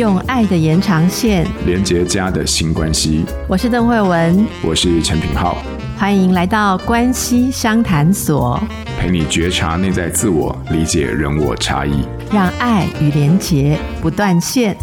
用愛的延長線連接家的新關係。我是鄧惠文，我是陳品皓，歡迎來到關係相談所，陪你覺察內在自我，理解人我差異，讓愛與連結不斷線。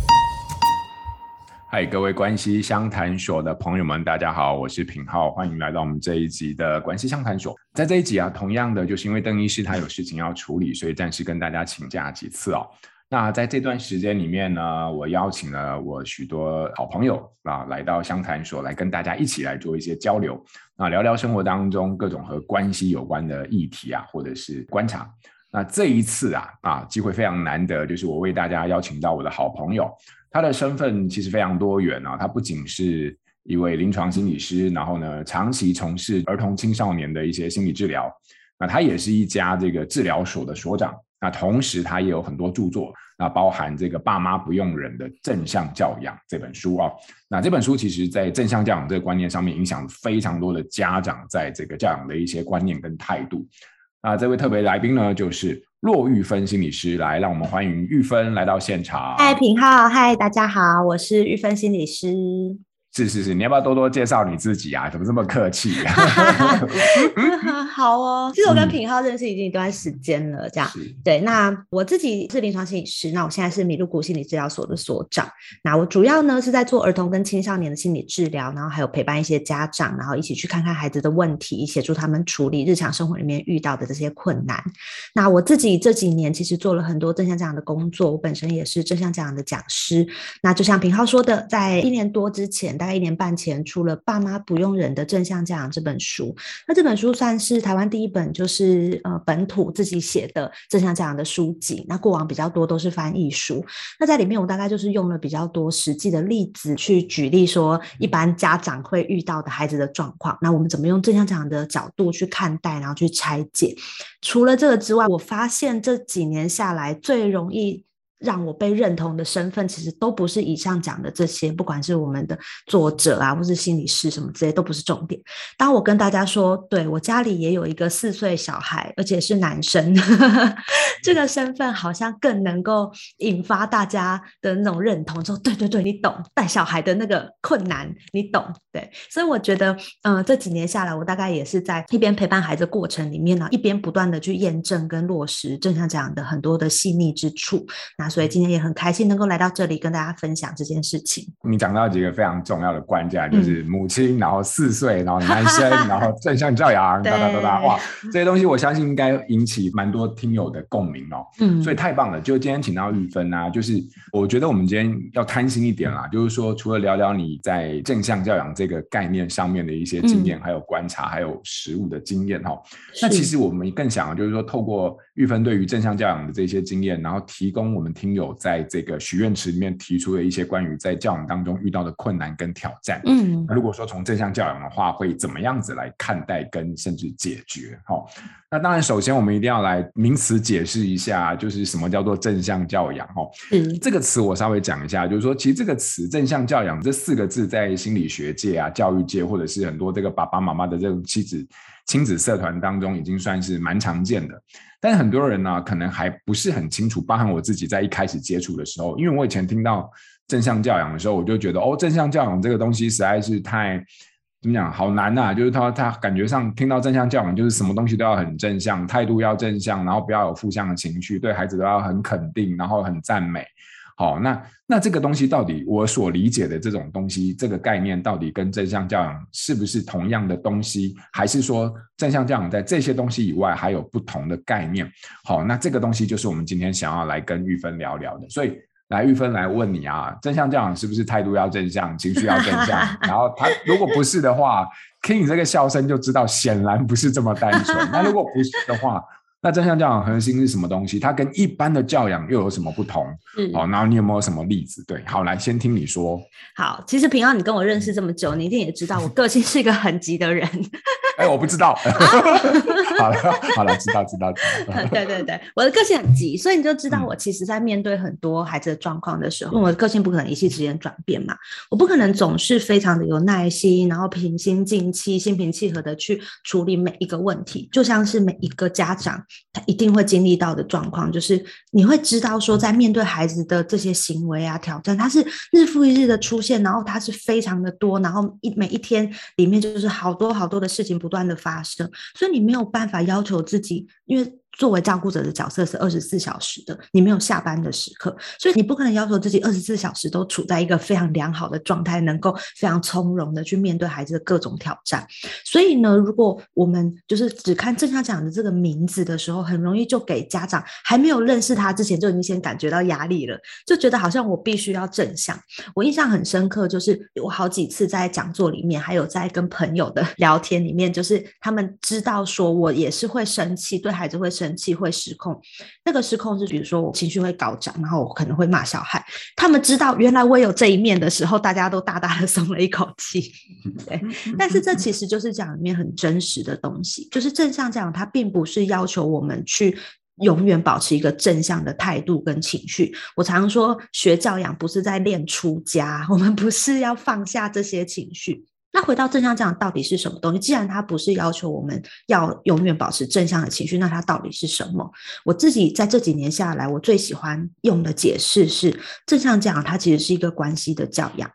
嗨，各位關係相談所的朋友們，大家好，我是品皓，歡迎來到我們這一集的關係相談所。在這一集啊，同樣的，就是因為鄧醫師他有事情要處理，所以暫時跟大家請假幾次哦。那在這段時間裡面呢，我邀請了我許多好朋友啊，來到相談所來跟大家一起來做一些交流，啊，聊聊生活當中各種和關係有關的議題啊，或者是觀察。那這一次啊啊，機會非常難得，就是我為大家邀請到我的好朋友，他的身份其實非常多元啊，他不僅是一位臨床心理師，然後呢，長期從事兒童青少年的一些心理治療，那他也是一家這個治療所的所長，那同時他也有很多著作，那包含這個“爸媽不用忍”的正向教養這本書啊、哦，那這本書其實在正向教養這個觀念上面，影響非常多的家長在這個教養的一些觀念跟態度。那這位特別來賓呢，就是駱郁芬心理師，來，讓我們歡迎郁芬來到現場。嗨，品皓，嗨，大家好，我是郁芬心理師。是是是，你要不要多多介紹你自己啊？怎麼這麼客氣啊？好哦，其實我跟品皓認識已經一段時間了，這樣。是對，那我自己是臨床心理師，那我現在是米露谷心理治療所的所長。那我主要呢是在做兒童跟青少年的心理治療，然後還有陪伴一些家長，然後一起去看看孩子的問題，協助他們處理日常生活裡面遇到的這些困難。那我自己這幾年其實做了很多正向教養的工作，我本身也是正向教養的講師。那就像品皓說的，在一年多之前，在一年半前出了《爸媽不用忍的正向教養》這本書，那這本書算是台灣第一本就是，呃本土自己寫的正向教養的書籍。那過往比較多都是翻譯書，那在裡面我大概就是用了比較多實際的例子去舉例，說一般家長會遇到的孩子的狀況，那我們怎麼用正向教養的角度去看待，然後去拆解。除了這個之外，我發現這幾年下來最容易讓我被認同的身份，其實都不是以上講的這些，不管是我們的作者啊，或是心理師什麼之類，都不是重點。當我跟大家說，對，我家裡也有一個四歲小孩，而且是男生， 這個身份好像更能夠引發大家的那種認同。說，對對對，你懂帶小孩的那個困難，你懂。對，所以我覺得，嗯，這幾年下來，我大概也是在一邊陪伴孩子過程裡面呢，一邊不斷的去驗證跟落實，正向講的很多的細膩之處。所以今天也很開心能夠來到這裡跟大家分享這件事情。你講到幾個非常重要的關鍵，嗯、就是母親，然後四歲，然後男生， 然後正向教養，噠噠噠噠，哇，這些東西我相信應該引起蠻多聽友的共鳴哦、喔。嗯，所以太棒了。就今天請到郁芬啊，就是我覺得我們今天要貪心一點啦，就是說除了聊聊你在正向教養這個概念上面的一些經驗，嗯、還有觀察，還有實務的經驗哈、喔。是那其實我們更想就是說透過郁芬對於正向教養的這些經驗，然後提供我們。聽友在這個許願池裡面提出的一些關於在教養當中遇到的困難跟挑戰，嗯，那如果說從正向教養的話，會怎麼樣子來看待跟甚至解決？哈、哦，那當然，首先我們一定要來名詞解釋一下，就是什麼叫做正向教養？哈、哦，嗯，這個詞我稍微講一下，就是說，其實這個詞“正向教養”這四個字，在心理學界啊、教育界，或者是很多這個爸爸媽媽的這種親子親子社團當中，已經算是蠻常見的。但很多人呢、啊，可能還不是很清楚，包含我自己在一開始接觸的時候，因為我以前聽到正向教養的時候，我就覺得哦，正向教養這個東西實在是太怎麼講，好難吶、啊。就是他他感覺上聽到正向教養，就是什麼東西都要很正向，態度要正向，然後不要有負向的情緒，對孩子都要很肯定，然後很讚美。好，那那這個東西到底我所理解的這種東西，這個概念到底跟正向教養是不是同樣的東西？還是說正向教養在這些東西以外還有不同的概念？好，那這個東西就是我們今天想要來跟鬱芬聊聊的，所以來鬱芬來問你啊，正向教養是不是態度要正向，情緒要正向？ 然後他如果不是的話，聽 你這個笑聲就知道，顯然不是這麼單純。 那如果不是的話。那正向教養核心是什麼東西？它跟一般的教養又有什麼不同？好、嗯哦、然後你有沒有什麼例子？對，好，來先聽你說。好，其實品皓，你跟我認識這麼久，你一定也知道我個性是一個很急的人。哎、 欸，我不知道。啊、 好了，好了，知道，知道。知道知道 對對對，我的個性很急，所以你就知道我其實，在面對很多孩子的狀況的時候，嗯、因為我的個性不可能一夕之間轉變嘛。我不可能總是非常的有耐心，然後平心靜氣、心平氣和的去處理每一個問題，就像是每一個家長。他一定會經歷到的狀況，就是你會知道說，在面對孩子的這些行為啊挑戰，它是日復一日的出現，然後它是非常的多，然後一每一天裡面就是好多好多的事情不斷的發生，所以你沒有辦法要求自己，因為。作為照顧者的角色是二十四小時的，你沒有下班的時刻，所以你不可能要求自己二十四小時都處在一個非常良好的狀態，能夠非常從容的去面對孩子的各種挑戰。所以呢，如果我們就是只看正向講的這個名字的時候，很容易就給家長還沒有認識他之前就已經先感覺到壓力了，就覺得好像我必須要正向。我印象很深刻，就是有好幾次在講座裡面，還有在跟朋友的聊天裡面，就是他們知道說我也是會生氣，對孩子會生氣。生氣會失控，那個失控是比如說我情緒會高漲，然後我可能會罵小孩。他們知道原來我有這一面的時候，大家都大大的鬆了一口氣。對， 但是這其實就是講裡面很真實的東西，就是正向教養，它並不是要求我們去永遠保持一個正向的態度跟情緒。我常說，學教養不是在練出家，我們不是要放下這些情緒。那回到正向教養到底是什麼東西？既然它不是要求我們要永遠保持正向的情緒，那它到底是什麼？我自己在這幾年下來，我最喜歡用的解釋是：正向教養它其實是一個關係的教養。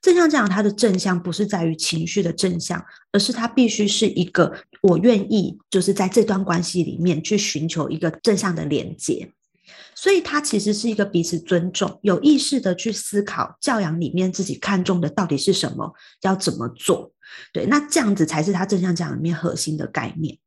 正向教養它的正向不是在於情緒的正向，而是它必須是一個我願意，就是在這段關係裡面去尋求一個正向的連結。所以，他其實是一個彼此尊重、有意識的去思考教養裡面自己看重的到底是什麼，要怎麼做，對，那這樣子才是他正向教養裡面核心的概念。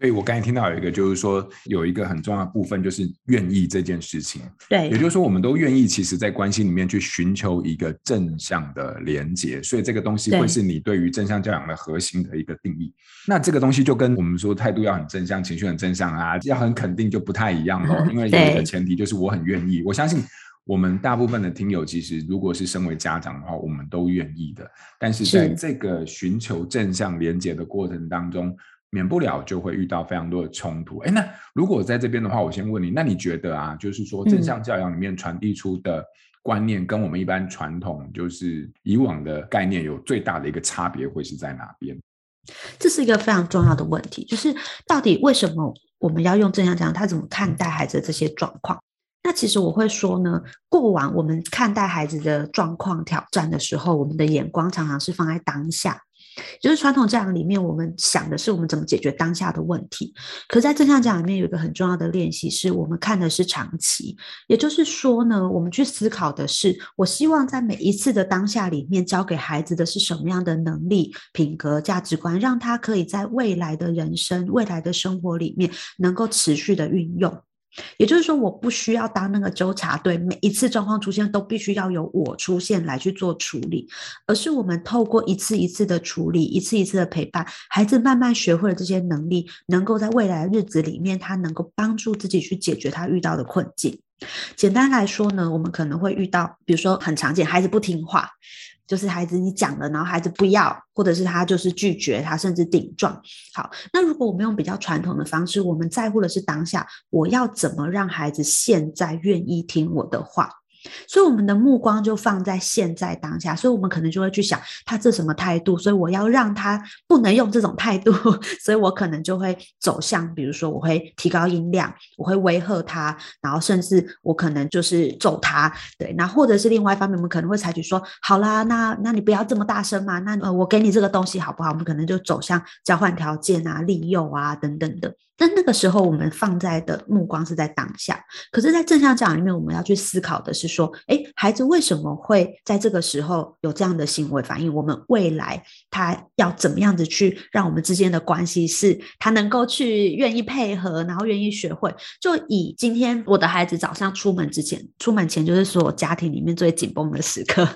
所以我剛才聽到有一個，就是說有一個很重要的部分，就是願意這件事情。對，也就是說，我們都願意，其實，在關係裡面去尋求一個正向的連接。所以，這個東西會是你對於正向教養的核心的一個定義。對那這個東西就跟我們說態度要很正向，情緒很正向啊，要很肯定，就不太一樣了。嗯、因為你的前提就是我很願意，對我相信我們大部分的聽友，其實如果是身為家長的話，我們都願意的。但是在這個尋求正向連接的過程當中，免不了就會遇到非常多的衝突。誒，那如果在這邊的話，我先問你，那你覺得啊，就是說正向教養裡面傳遞出的觀念，跟我們一般傳統就是以往的概念有最大的一個差別，會是在哪邊？這是一個非常重要的問題，就是到底為什麼我們要用正向教養？他怎麼看待孩子的這些狀況？那其實我會說呢，過往我們看待孩子的狀況、挑戰的時候，我們的眼光常常是放在當下。就是傳統教養裡面，我們想的是我們怎麼解決當下的問題。可在正向教養裡面有一個很重要的練習，是我們看的是長期。也就是說呢，我們去思考的是，我希望在每一次的當下裡面，教給孩子的是什麼樣的能力、品格、價值觀，讓他可以在未來的人生、未來的生活裡面能夠持續的運用。也就是說，我不需要當那個糾察隊，每一次狀況出現都必須要由我出現來去做處理，而是我們透過一次一次的處理，一次一次的陪伴，孩子慢慢學會了這些能力，能夠在未來的日子裡面，他能夠幫助自己去解決他遇到的困境。簡單來說呢，我們可能會遇到，比如說很常見，孩子不聽話。就是孩子，你講了，然後孩子不要，或者是他就是拒絕，他甚至頂撞。好，那如果我們用比較傳統的方式，我們在乎的是當下，我要怎麼讓孩子現在願意聽我的話？所以我們的目光就放在現在當下，所以我們可能就會去想，他這什麼態度？所以我要讓他不能用這種態度，所以我可能就會走向，比如說我會提高音量，我會威嚇他，然後甚至我可能就是揍他，對，那或者是另外一方面，我們可能會採取說，好啦，那那你不要這麼大聲嘛、啊，那呃我給你這個東西好不好？我們可能就走向交換條件啊，利誘啊，等等的。那那個時候，我們放在的目光是在當下。可是，在正向教養裡面，我們要去思考的是說，哎、欸，孩子為什麼會在這個時候有這樣的行為反應？我們未來他要怎麼樣子去讓我們之間的關係是，他能夠去願意配合，然後願意學會？就以今天我的孩子早上出門之前，出門前就是所有家庭裡面最緊繃的時刻。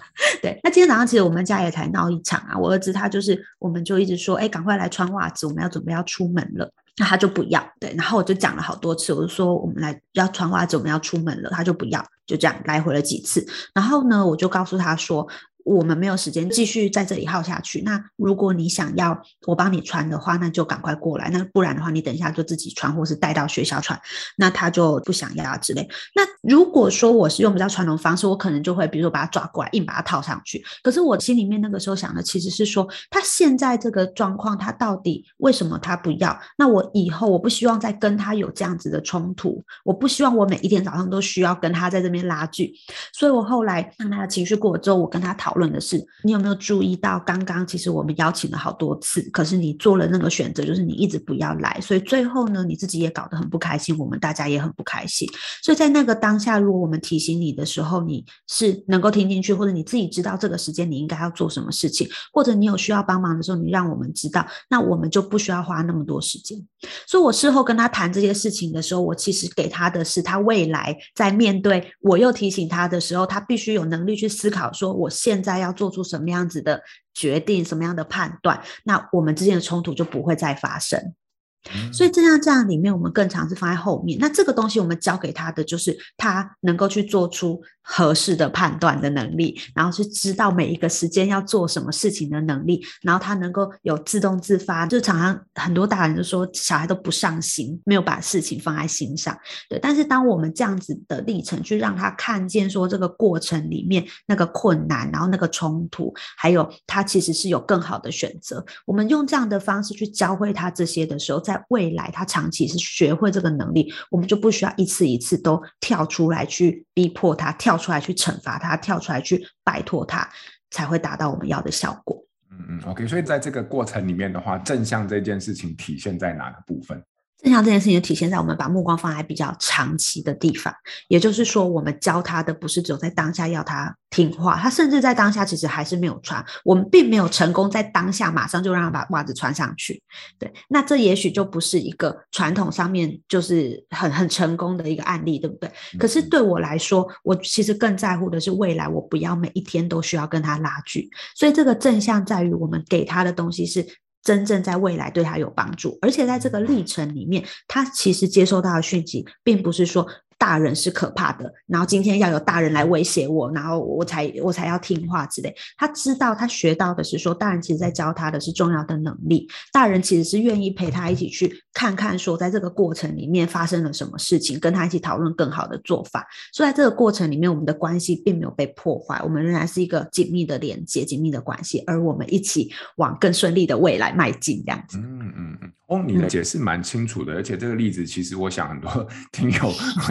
對，那今天早上其實我們家也才鬧一場啊。我兒子他就是，我們就一直說，哎、欸，趕快來穿襪子，我們要準備要出門了。那他就不要，對，然後我就講了好多次，我就說我們來要穿襪子，我們要出門了，他就不要，就這樣來回了幾次，然後呢，我就告訴他說，我們沒有時間繼續在這裡耗下去。那如果你想要我幫你穿的話，那就趕快過來。那不然的話，你等一下就自己穿，或是帶到學校穿。那他就不想要啊之類。那如果說我是用比較傳統的方式，我可能就會比如說把他抓過來，硬把他套上去。可是我心裡面那個時候想的其實是說，他現在這個狀況，他到底為什麼他不要？那我以後我不希望再跟他有這樣子的衝突，我不希望我每一天早上都需要跟他在這邊拉鋸。所以我後來讓他的情緒過了之後，我跟他討。討論的是你有沒有注意到，剛剛其實我們邀請了好多次，可是你做了那個選擇，就是你一直不要來，所以最後呢，你自己也搞得很不開心，我們大家也很不開心。所以在那個當下，如果我們提醒你的時候，你是能夠聽進去，或者你自己知道這個時間你應該要做什麼事情，或者你有需要幫忙的時候，你讓我們知道，那我們就不需要花那麼多時間。所以我事後跟他談這些事情的時候，我其實給他的是他未來在面對我又提醒他的時候，他必須有能力去思考，說我現在在要做出什麼樣子的決定，什麼樣的判斷，那我們之間的衝突就不會再發生。所以正這樣這樣裡面，我們更常是放在後面。那這個東西，我們教給他的就是他能夠去做出合適的判斷的能力，然後去知道每一個時間要做什麼事情的能力，然後他能夠有自動自發。就常常很多大人就說，小孩都不上心，沒有把事情放在心上。對，但是當我們這樣子的歷程去讓他看見說，這個過程裡面那個困難，然後那個衝突，還有他其實是有更好的選擇。我們用這樣的方式去教會他這些的時候，在未來他長期是學會這個能力，我們就不需要一次一次都跳出來去逼迫他，跳出來去懲罰他，跳出來去拜托他，才會達到我們要的效果。嗯嗯，OK。所以在這個過程裡面的話，正向這件事情體現在哪個部分？正向這件事情體現在我們把目光放在比較長期的地方，也就是說，我們教他的不是只有在當下要他聽話，他甚至在當下其實還是沒有穿，我們並沒有成功在當下馬上就讓他把襪子穿上去。對，那這也許就不是一個傳統上面就是很很成功的一個案例，對不對？嗯。可是對我來說，我其實更在乎的是未來，我不要每一天都需要跟他拉鋸，所以這個正向在於我們給他的東西是。真正在未來對他有幫助，而且在這個歷程裡面，他其實接收到的訊息，並不是說。大人是可怕的，然後今天要有大人來威脅我，然後我才我才要聽話之類。他知道他學到的是說，大人其實，在教他的，是重要的能力。大人其實是願意陪他一起去看看，說在這個過程裡面發生了什麼事情，跟他一起討論更好的做法。所以在這個過程裡面，我們的關係並沒有被破壞，我們仍然是一個緊密的連接、緊密的關係，而我們一起往更順利的未來邁進。這樣子，嗯嗯嗯，哦，你的解釋蠻清楚的，嗯、而且這個例子其實我想很多聽友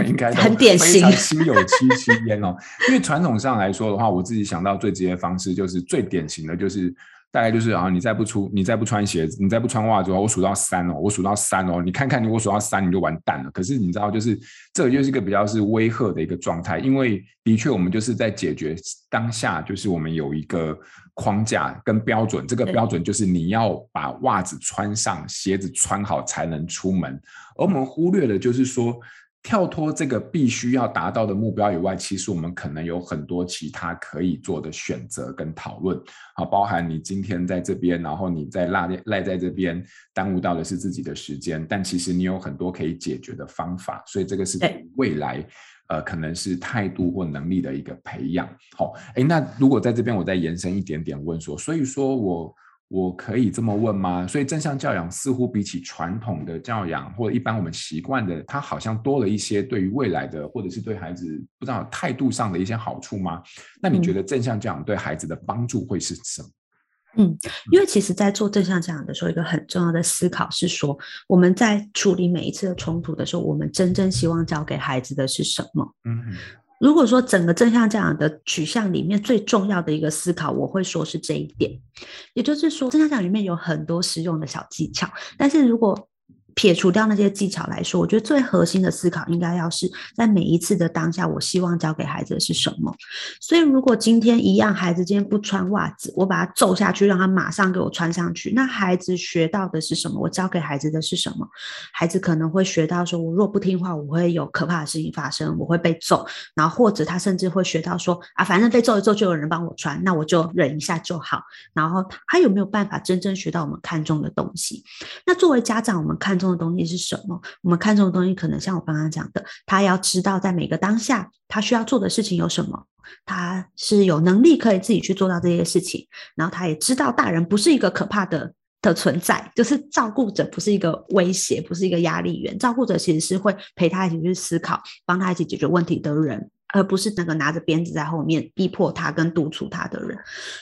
應該。 很典型， 心有戚戚焉哦。因為傳統上來說的話，我自己想到最直接的方式就是最典型的就是，大概就是啊，你再不出，你再不穿鞋子，你再不穿襪子數哦，我數到三哦，我數到三哦，你看看你，我數到三你就完蛋了。可是你知道，就是這個就是一個比較是威嚇的一個狀態，因為的確我們就是在解決當下，就是我們有一個框架跟標準，這個標準就是你要把襪子穿上，鞋子穿好才能出門，而我們忽略了就是說。跳脫這個必須要達到的目標以外，其實我們可能有很多其他可以做的選擇跟討論，好，包含你今天在這邊，然後你在賴賴在這邊，耽誤到的是自己的時間，但其實你有很多可以解決的方法，所以這個是未來、欸、呃可能是態度或能力的一個培養。好、欸，那如果在這邊我再延伸一點點問說，所以說我。我可以這麼問嗎？所以正向教養似乎比起傳統的教養，或者一般我們習慣的，它好像多了一些對於未來的，或者是對孩子不知道態度上的一些好處嗎？那你覺得正向教養對孩子的幫助會是什麼？嗯，因為其實，在做正向教養的時候，嗯，一個很重要的思考是說，我們在處理每一次的衝突的時候，我們真正希望教給孩子的是什麼？嗯。如果說整個正向教養的取向裡面最重要的一個思考，我會說是這一點，也就是說，正向教養裡面有很多實用的小技巧，但是如果撇除掉那些技巧來說，我覺得最核心的思考應該要是在每一次的當下，我希望教給孩子的是什麼。所以，如果今天一樣，孩子今天不穿襪子，我把他揍下去，讓他馬上給我穿上去，那孩子學到的是什麼？我教給孩子的是什麼？孩子可能會學到說，我若不聽話，我會有可怕的事情發生，我會被揍。然後或者他甚至會學到說，啊，反正被揍一揍就有人幫我穿，那我就忍一下就好。然後他有沒有辦法真正學到我們看重的東西？那作為家長，我們看重的東西是什麼？我們看重的東西，可能像我剛剛講的，他要知道在每個當下，他需要做的事情有什麼，他是有能力可以自己去做到這些事情。然後他也知道，大人不是一個可怕的的存在，就是照顧者不是一個威脅，不是一個壓力源，照顧者其實是會陪他一起去思考，幫他一起解決問題的人。而不是那個拿着鞭子在後面逼迫他跟督促他的人，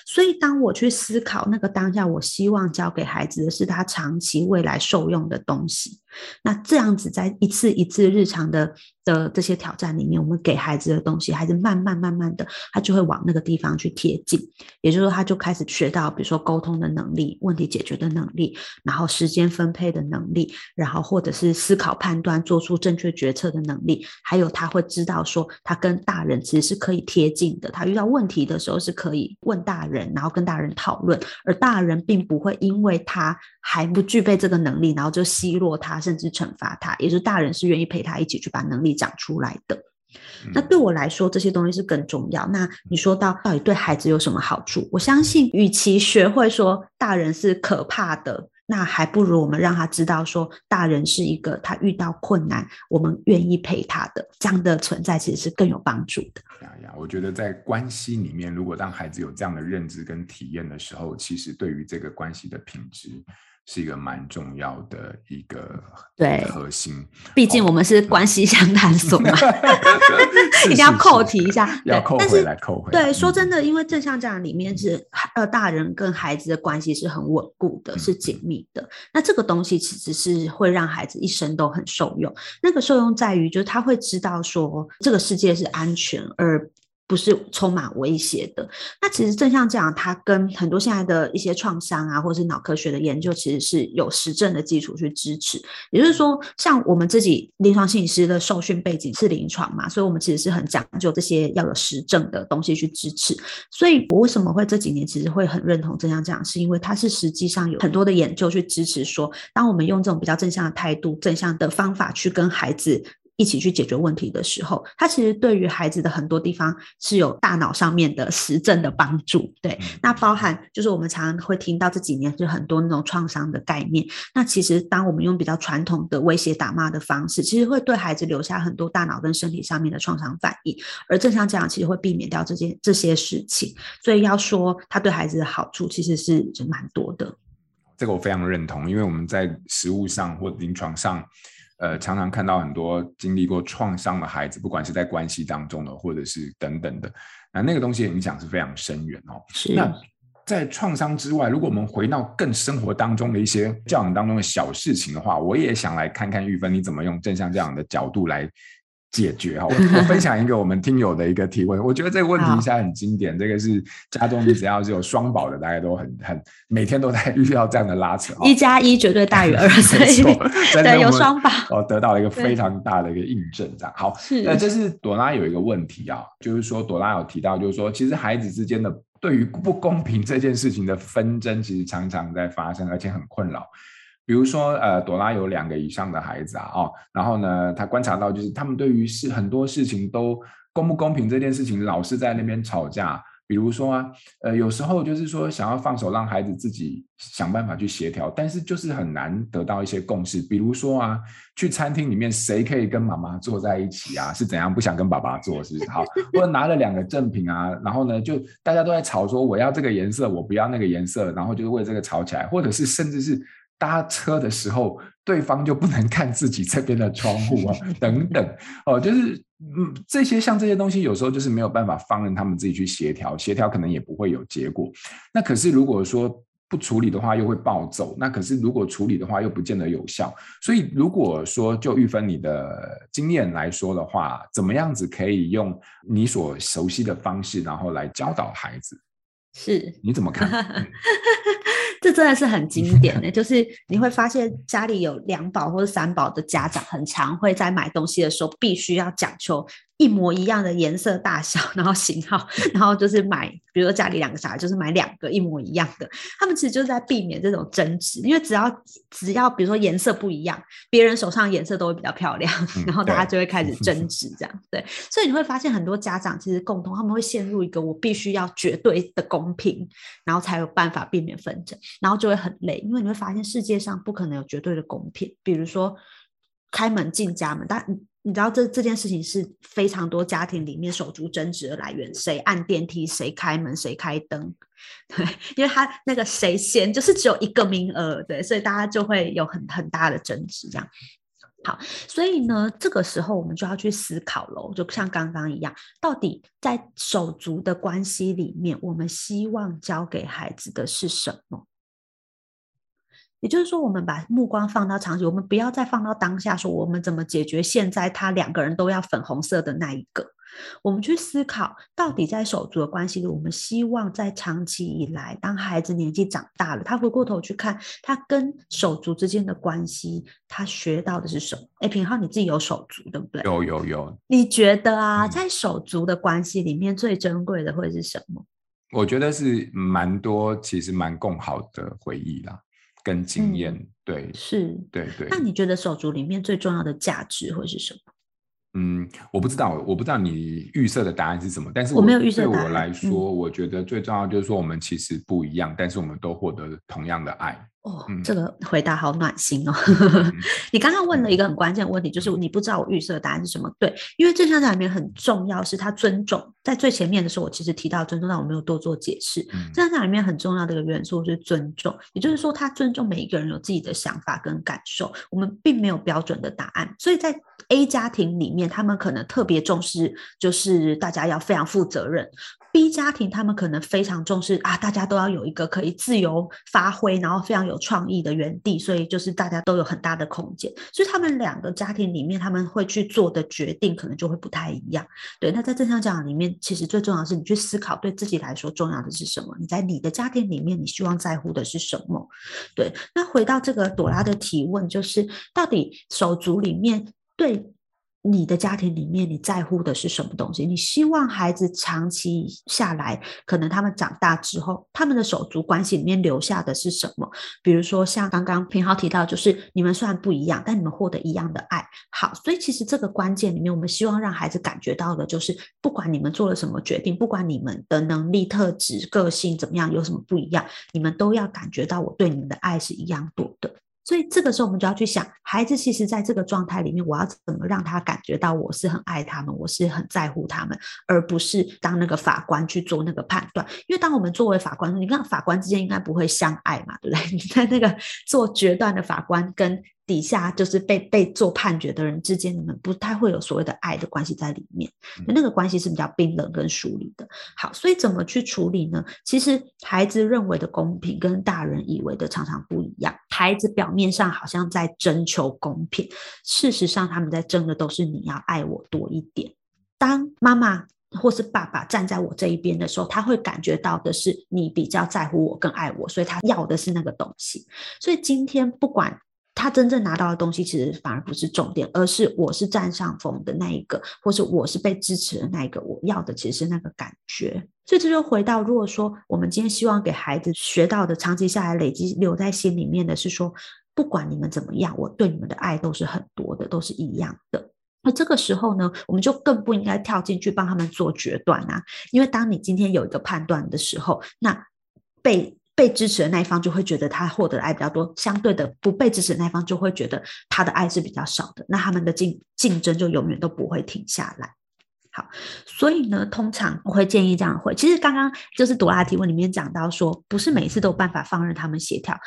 所以當我去思考那個當下，我希望教給孩子的是他長期未來受用的東西。那這樣子在一次一次日常的的這些挑戰裡面，我們給孩子的東西，孩子慢慢慢慢的，他就會往那個地方去貼近。也就是說，他就開始學到，比如說溝通的能力、問題解決的能力，然後時間分配的能力，然後或者是思考判斷、做出正確決策的能力，還有他會知道說他跟跟大人其實是可以貼近的，他遇到問題的時候是可以問大人，然後跟大人討論，而大人並不會因為他還不具備這個能力，然後就奚落他，甚至懲罰他，也就是大人是願意陪他一起去把能力長出來的。嗯、那對我來說，這些東西是更重要。那你說到到底對孩子有什麼好處？我相信，與其學會說大人是可怕的。那還不如我們讓他知道，說大人是一個他遇到困難，我們願意陪他的這樣的存在，其實是更有幫助的。呀呀，我覺得在關係裡面，如果讓孩子有這樣的認知跟體驗的時候，其實對於這個關係的品質是一個蠻重要的一個對一個核心，畢竟我們是關係相談所嘛，一定要扣題一下，一下是是，要扣回來是扣回來。對，來對說真的，因為正向教養裡面是、嗯、呃，大人跟孩子的關係是很穩固的，是緊密的。嗯、那這個東西其實是會讓孩子一生都很受用。那個受用在於，就是他會知道說這個世界是安全而。不是充滿威脅的。那其實正向教養，它跟很多現在的一些創傷啊，或者是腦科學的研究，其實是有實證的基礎去支持。也就是說，像我們自己臨床心理師的受訓背景是臨床嘛，所以我們其實是很講究這些要有實證的東西去支持。所以我為什麼會這幾年其實會很認同正向教養，是因為它是實際上有很多的研究去支持說，當我們用這種比較正向的態度、正向的方法去跟孩子。一起去解決問題的時候，它其實對於孩子的很多地方是有大腦上面的實證的幫助。對，嗯。那包含就是我們常常會聽到這幾年是很多那種創傷的概念。那其實當我們用比較傳統的威脅打罵的方式，其實會對孩子留下很多大腦跟身體上面的創傷反應。而正像這樣，其實會避免掉這件這些事情，所以要說它對孩子的好處，其實是蠻多的。這個我非常認同，因為我們在實務上或臨床上。呃，常常看到很多經歷過創傷的孩子，不管是在關係當中的，或者是等等的，那那個東西影響是非常深遠哦。是那在創傷之外，如果我們回到更生活當中的一些教養當中的小事情的話，我也想來看看郁芬你怎麼用正向教養的角度來解決哈，我分享一個我們聽友的一個提問。嗯、哼我覺得這個問題現在很經典，好這個是家中你只要是有雙寶的，大家都很很每天都在遇到這樣的拉扯，哦、一加一絕對大於二，沒錯，對，有雙寶哦，得到了一個非常大的一個印證，這樣好，那這是，的、呃就是朵拉有一個問題啊、哦，就是說朵拉有提到，就是說其實孩子之間的對於不公平這件事情的紛爭，其實常常在發生，而且很困擾。比如說，呃，朵拉有兩個以上的孩子啊，哦，然後呢，他觀察到就是他們對於很多事情都公不公平這件事情，老是在那邊吵架。比如說啊，呃，有時候就是說想要放手讓孩子自己想辦法去協調，但是就是很難得到一些共識。比如說啊，去餐廳裡面誰可以跟媽媽坐在一起啊？是怎樣不想跟爸爸坐？是不是好？或者拿了兩個贈品啊，然後呢，就大家都在吵說我要這個顏色，我不要那個顏色，然後就為這個吵起來，或者是甚至是。搭車的時候，對方就不能看自己這邊的窗戶啊， 等等，哦、呃，就是嗯，這些像這些東西，有時候就是沒有辦法放任他們自己去協調，協調可能也不會有結果。那可是如果說不處理的話，又會暴走；那可是如果處理的話，又不見得有效。所以，如果說就郁芬你的經驗來說的話，怎麼樣子可以用你所熟悉的方式，然後來教導孩子？是？你怎麼看？ 嗯這真的是很經典的欸，就是你會發現家裡有兩寶或者三寶的家長，很常會在買東西的時候必須要講究。一模一樣的顏色、大小，然後型號，然後就是買，比如說家裡兩個小孩，就是買兩個一模一樣的。他們其實就是在避免這種爭執，因為只要只要比如說顏色不一樣，別人手上顏色都會比較漂亮，然後大家就會開始爭執，這樣、嗯、對。對，對，所以你會發現很多家長其實共同他們會陷入一個我必須要絕對的公平，然後才有辦法避免紛爭，然後就會很累，因為你會發現世界上不可能有絕對的公平。比如說開門進家門，但。你知道這這件事情是非常多家庭裡面手足爭執的來源，誰按電梯，誰開門，誰開燈，對，因為他那個誰先就是只有一個名額，對，所以大家就會有很很大的爭執，這樣。好，所以呢，這個時候我們就要去思考了，就像剛剛一樣，到底在手足的關係裡面，我們希望教給孩子的是什麼？也就是說，我們把目光放到長期，我們不要再放到當下，說我們怎麼解決現在他兩個人都要粉紅色的那一個。我們去思考，到底在手足的關係裡，我們希望在長期以來，當孩子年紀長大了，他回過頭去看他跟手足之間的關係，他學到的是什麼？哎、欸，品皓，你自己有手足對不對？有有有。有有，你覺得啊，嗯、在手足的關係裡面，最珍貴的會是什麼？我覺得是蠻多，其實蠻共好的回憶啦。跟經驗、嗯、對是，對，對對。那你覺得手足裡面最重要的價值會是什麼？嗯，我不知道，我不知道你預設的答案是什麼，但是我，我沒有預設。對我來說，嗯、我覺得最重要就是說，我們其實不一樣，但是我們都獲得同樣的愛。哦，oh, 嗯、這個回答好暖心哦！ 你剛剛問了一個很關鍵的問題，就是你不知道我預設的答案是什麼。對，因為正向在裡面很重要，是他尊重。在最前面的時候，我其實提到尊重，但我沒有多做解釋。正向在裡面很重要的一個元素是尊重，也就是說，他尊重每一個人有自己的想法跟感受，我們並沒有標準的答案。所以在 A 家庭裡面，他們可能特別重視，就是大家要非常負責任。B 家庭，他們可能非常重視啊，大家都要有一個可以自由發揮，然後非常有創意的園地，所以就是大家都有很大的空間。所以他們兩個家庭裡面，他們會去做的決定，可能就會不太一樣。對，那在正向講裡面，其實最重要的是你去思考，對自己來說重要的是什麼？你在你的家庭裡面，你希望在乎的是什麼？對，那回到這個朵拉的提問，就是到底手足裡面對，你的家庭裡面，你在乎的是什麼東西？你希望孩子長期下來，可能他們長大之後，他們的手足關係裡面留下的是什麼？比如說，像剛剛品皓提到，就是你們雖然不一樣，但你們獲得一樣的愛。好，所以其實這個關鍵裡面，我們希望讓孩子感覺到的就是，不管你們做了什麼決定，不管你們的能力、特質、個性怎麼樣，有什麼不一樣，你們都要感覺到我對你們的愛是一樣多的。所以這個時候，我們就要去想，孩子其實在這個狀態裡面，我要怎麼讓他感覺到我是很愛他們，我是很在乎他們，而不是當那個法官去做那個判斷。因為當我們作為法官，你看法官之間應該不會相愛嘛，對不對？你在那個做決斷的法官跟底下就是被被做判決的人之間，你們不太會有所謂的愛的關係在裡面，那個關係是比較冰冷跟疏離的。好，所以怎麼去處理呢？其實孩子認為的公平跟大人以為的常常不一樣。孩子表面上好像在徵求公平，事實上他們在爭的都是你要愛我多一點。當媽媽或是爸爸站在我這一邊的時候，他會感覺到的是你比較在乎我，更愛我，所以他要的是那個東西。所以今天不管。他真正拿到的東西，其實反而不是重點，而是我是占上風的那一個，或是我是被支持的那一個。我要的其實是那個感覺。所以這就回到，如果說我們今天希望給孩子學到的，長期下來累積留在心裡面的是說，不管你們怎麼樣，我對你們的愛都是很多的，都是一樣的。那這個時候呢，我們就更不應該跳進去幫他們做決斷啊，因為當你今天有一個判斷的時候，那被。被支持的那一方就會覺得他獲得的愛比較多，相對的不被支持的那一方就會覺得他的愛是比較少的，那他們的競競爭就永遠都不會停下來。好，所以呢，通常我會建議這樣回，其實剛剛就是朵拉提問裡面講到說，不是每一次都有辦法放任他們協調。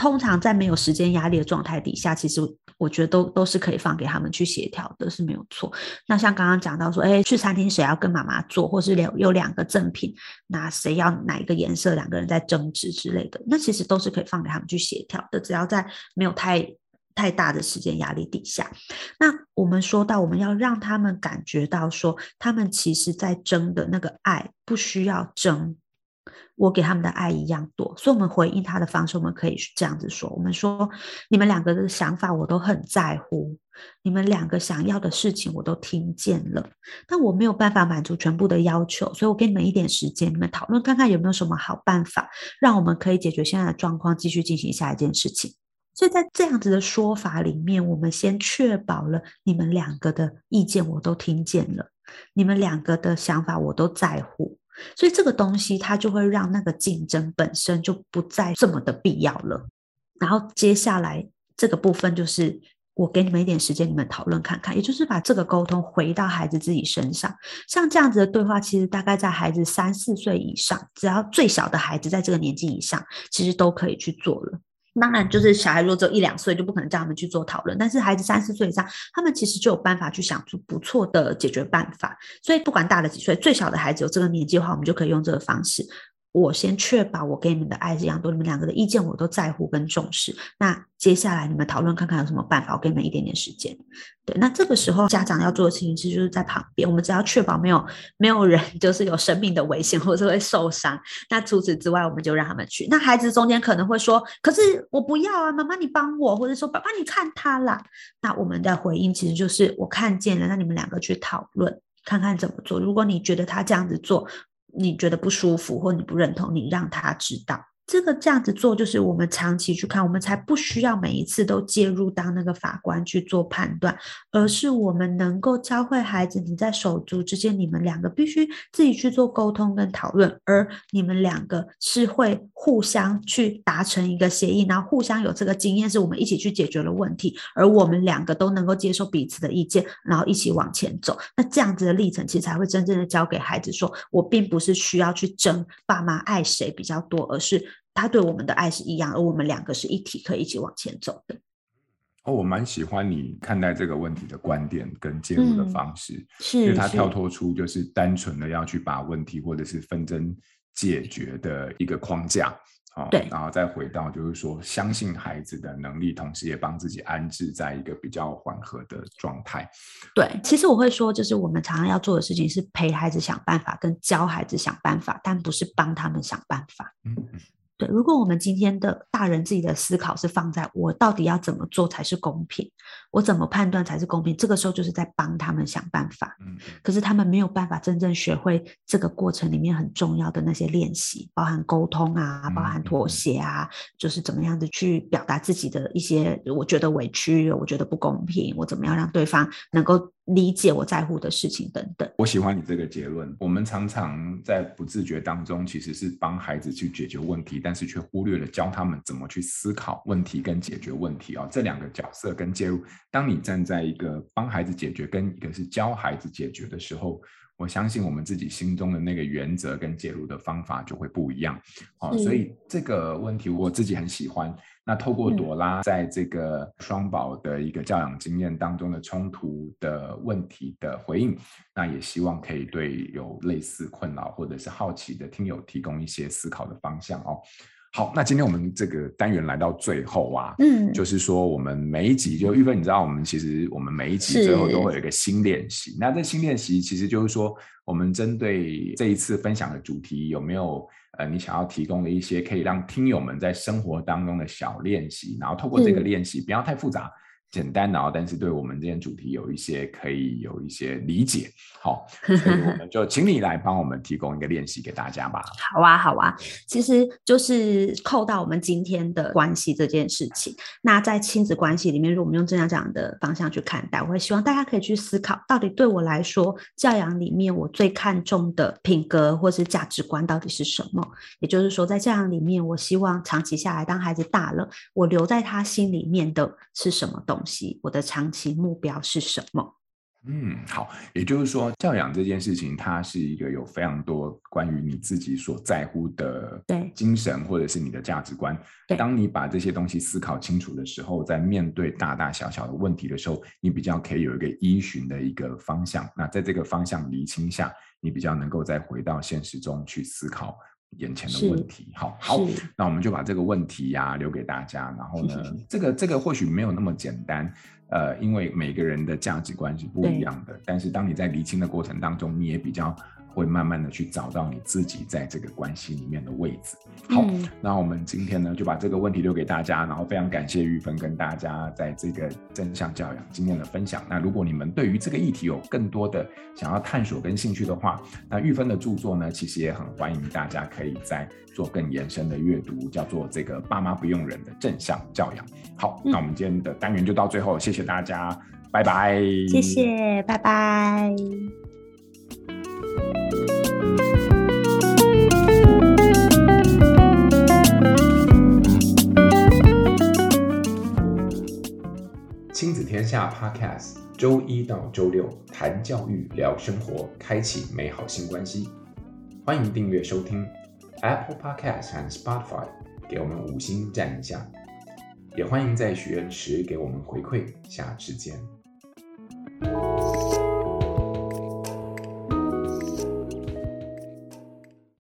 通常在沒有時間壓力的狀態底下，其實我覺得都都是可以放給他們去協調的，是沒有錯。那像剛剛講到說，哎、欸，去餐廳誰要跟媽媽坐，或是有兩個贈品，那誰要哪一個顏色，兩個人在爭執之類的，那其實都是可以放給他們去協調的，只要在沒有太太大的時間壓力底下。那我們說到我們要讓他們感覺到說，他們其實在爭的那個愛不需要爭。我給他們的愛一樣多，所以，我們回應他的方式，我們可以這樣子說：我們說，你們兩個的想法我都很在乎，你們兩個想要的事情我都聽見了，但我沒有辦法滿足全部的要求，所以我給你們一點時間，你們討論看看有沒有什麼好辦法，讓我們可以解決現在的狀況，繼續進行下一件事情。所以在這樣子的說法裡面，我們先確保了你們兩個的意見我都聽見了，你們兩個的想法我都在乎。所以這個東西，它就會讓那個競爭本身就不再這麼的必要了。然後接下來這個部分，就是我給你們一點時間，你們討論看看。也就是把這個溝通回到孩子自己身上，像這樣子的對話，其實大概在孩子三四歲以上，只要最小的孩子在這個年紀以上，其實都可以去做了。當然，就是小孩如果只有一兩歲，就不可能叫他們去做討論。但是孩子三四歲以上，他們其實就有辦法去想出不錯的解決辦法。所以不管大了幾歲，最小的孩子有這個年紀的話，我們就可以用這個方式。我先確保我給你們的愛是一樣多，你們兩個的意見我都在乎跟重視。那接下來你們討論看看有什麼辦法，我給你們一點點時間。對，那這個時候家長要做的事情其實就是在旁邊，我們只要確保沒有沒有人就是有生命的危險或是會受傷。那除此之外，我們就讓他們去。那孩子中間可能會說：“可是我不要啊，媽媽你幫我，或者說爸爸你看他啦。那我們的回應其實就是我看見了，那你們兩個去討論看看怎麼做。如果你覺得他這樣子做，你覺得不舒服，或你不認同，你讓他知道。這個這樣子做，就是我們長期去看，我們才不需要每一次都介入，當那個法官去做判斷，而是我們能夠教會孩子，你在手足之間，你們兩個必須自己去做溝通跟討論，而你們兩個是會互相去達成一個協議，然後互相有這個經驗，是我們一起去解決了問題，而我們兩個都能夠接受彼此的意見，然後一起往前走。那這樣子的歷程，其實才會真正的教給孩子說，說我並不是需要去爭爸媽愛誰比較多，而是，他對我們的愛是一樣，而我們兩個是一體，可以一起往前走的。哦，我蠻喜歡你看待這個問題的觀點跟介入的方式，嗯、是因為他跳脫出就是單純的要去把問題或者是紛爭解決的一個框架，好、哦，對，然後再回到就是說相信孩子的能力，同時也幫自己安置在一個比較緩和的狀態。對，其實我會說，就是我們常常要做的事情是陪孩子想辦法，跟教孩子想辦法，但不是幫他們想辦法。嗯嗯。嗯對，如果我們今天的大人自己的思考是放在我到底要怎麼做才是公平，我怎麼判斷才是公平，這個時候就是在幫他們想辦法。可是他們沒有辦法真正學會這個過程裡面很重要的那些練習，包含溝通啊，包含妥協啊，就是怎麼樣子去表達自己的一些，我覺得委屈，我覺得不公平，我怎麼樣讓對方能夠。理解我在乎的事情等等。我喜歡你這個結論。我們常常在不自覺當中，其實是幫孩子去解決問題，但是卻忽略了教他們怎麼去思考問題跟解決問題啊。哦，這兩個角色跟介入，當你站在一個幫孩子解決，跟一個是教孩子解決的時候。我相信我們自己心中的那個原則跟介入的方法就會不一樣，好，所以這個問題我自己很喜歡。那透過朵拉在這個雙寶的一個教養經驗當中的衝突的問題的回應，那也希望可以對有類似困擾或者是好奇的聽友提供一些思考的方向哦。好，那今天我們這個單元來到最後啊，嗯，就是說我們每一集就郁芬，嗯、你知道我們其實我們每一集最後都會有一個新練習。是那這新練習其實就是說，我們針對這一次分享的主題，有沒有呃你想要提供的一些可以讓聽友們在生活當中的小練習？然後透過這個練習，嗯、不要太複雜。簡單哦，但是對我們今天主題有一些可以有一些理解，好，所以我們就請你來幫我們提供一個練習給大家吧。 好啊，好啊，其實就是扣到我們今天的關係這件事情。那在親子關係裡面，如果我們用正向教養的方向去看待，我會希望大家可以去思考，到底對我來說，教養裡面我最看重的品格或是價值觀到底是什麼？也就是說，在教養裡面，我希望長期下來，當孩子大了，我留在他心裡面的是什麼東西？我的長期目標是什麼？嗯，好，也就是說，教養這件事情，它是一個有非常多關於你自己所在乎的對精神或者是你的價值觀。對當你把這些東西思考清楚的時候，在面對大大小小的問題的時候，你比較可以有一個依循的一個方向。那在這個方向釐清下，你比較能夠再回到現實中去思考。眼前的問題，好是好，好是那我們就把這個問題呀、啊、留給大家。然後呢，是是是這個這個或許沒有那麼簡單，呃，因為每個人的價值觀是不一樣的。對但是當你在釐清的過程當中，你也比較。會慢慢的去找到你自己在這個關係裡面的位置。好，那我們今天呢就把這個問題留給大家，然後非常感謝郁芬跟大家在這個正向教養今天的分享。那如果你們對於這個議題有更多的想要探索跟興趣的話，那郁芬的著作呢其實也很歡迎大家可以再做更延伸的閱讀，叫做《這個爸媽不用忍的正向教養》。好，那我們今天的單元就到最後，謝謝大家，拜拜。謝謝，拜拜。天下 Podcast，週一到週六談教育，聊生活，開啟美好新關係。歡迎訂閱收聽 Apple Podcast 和 Spotify，給我們五星讚一下。也歡迎在許願池給我們回饋。下次見。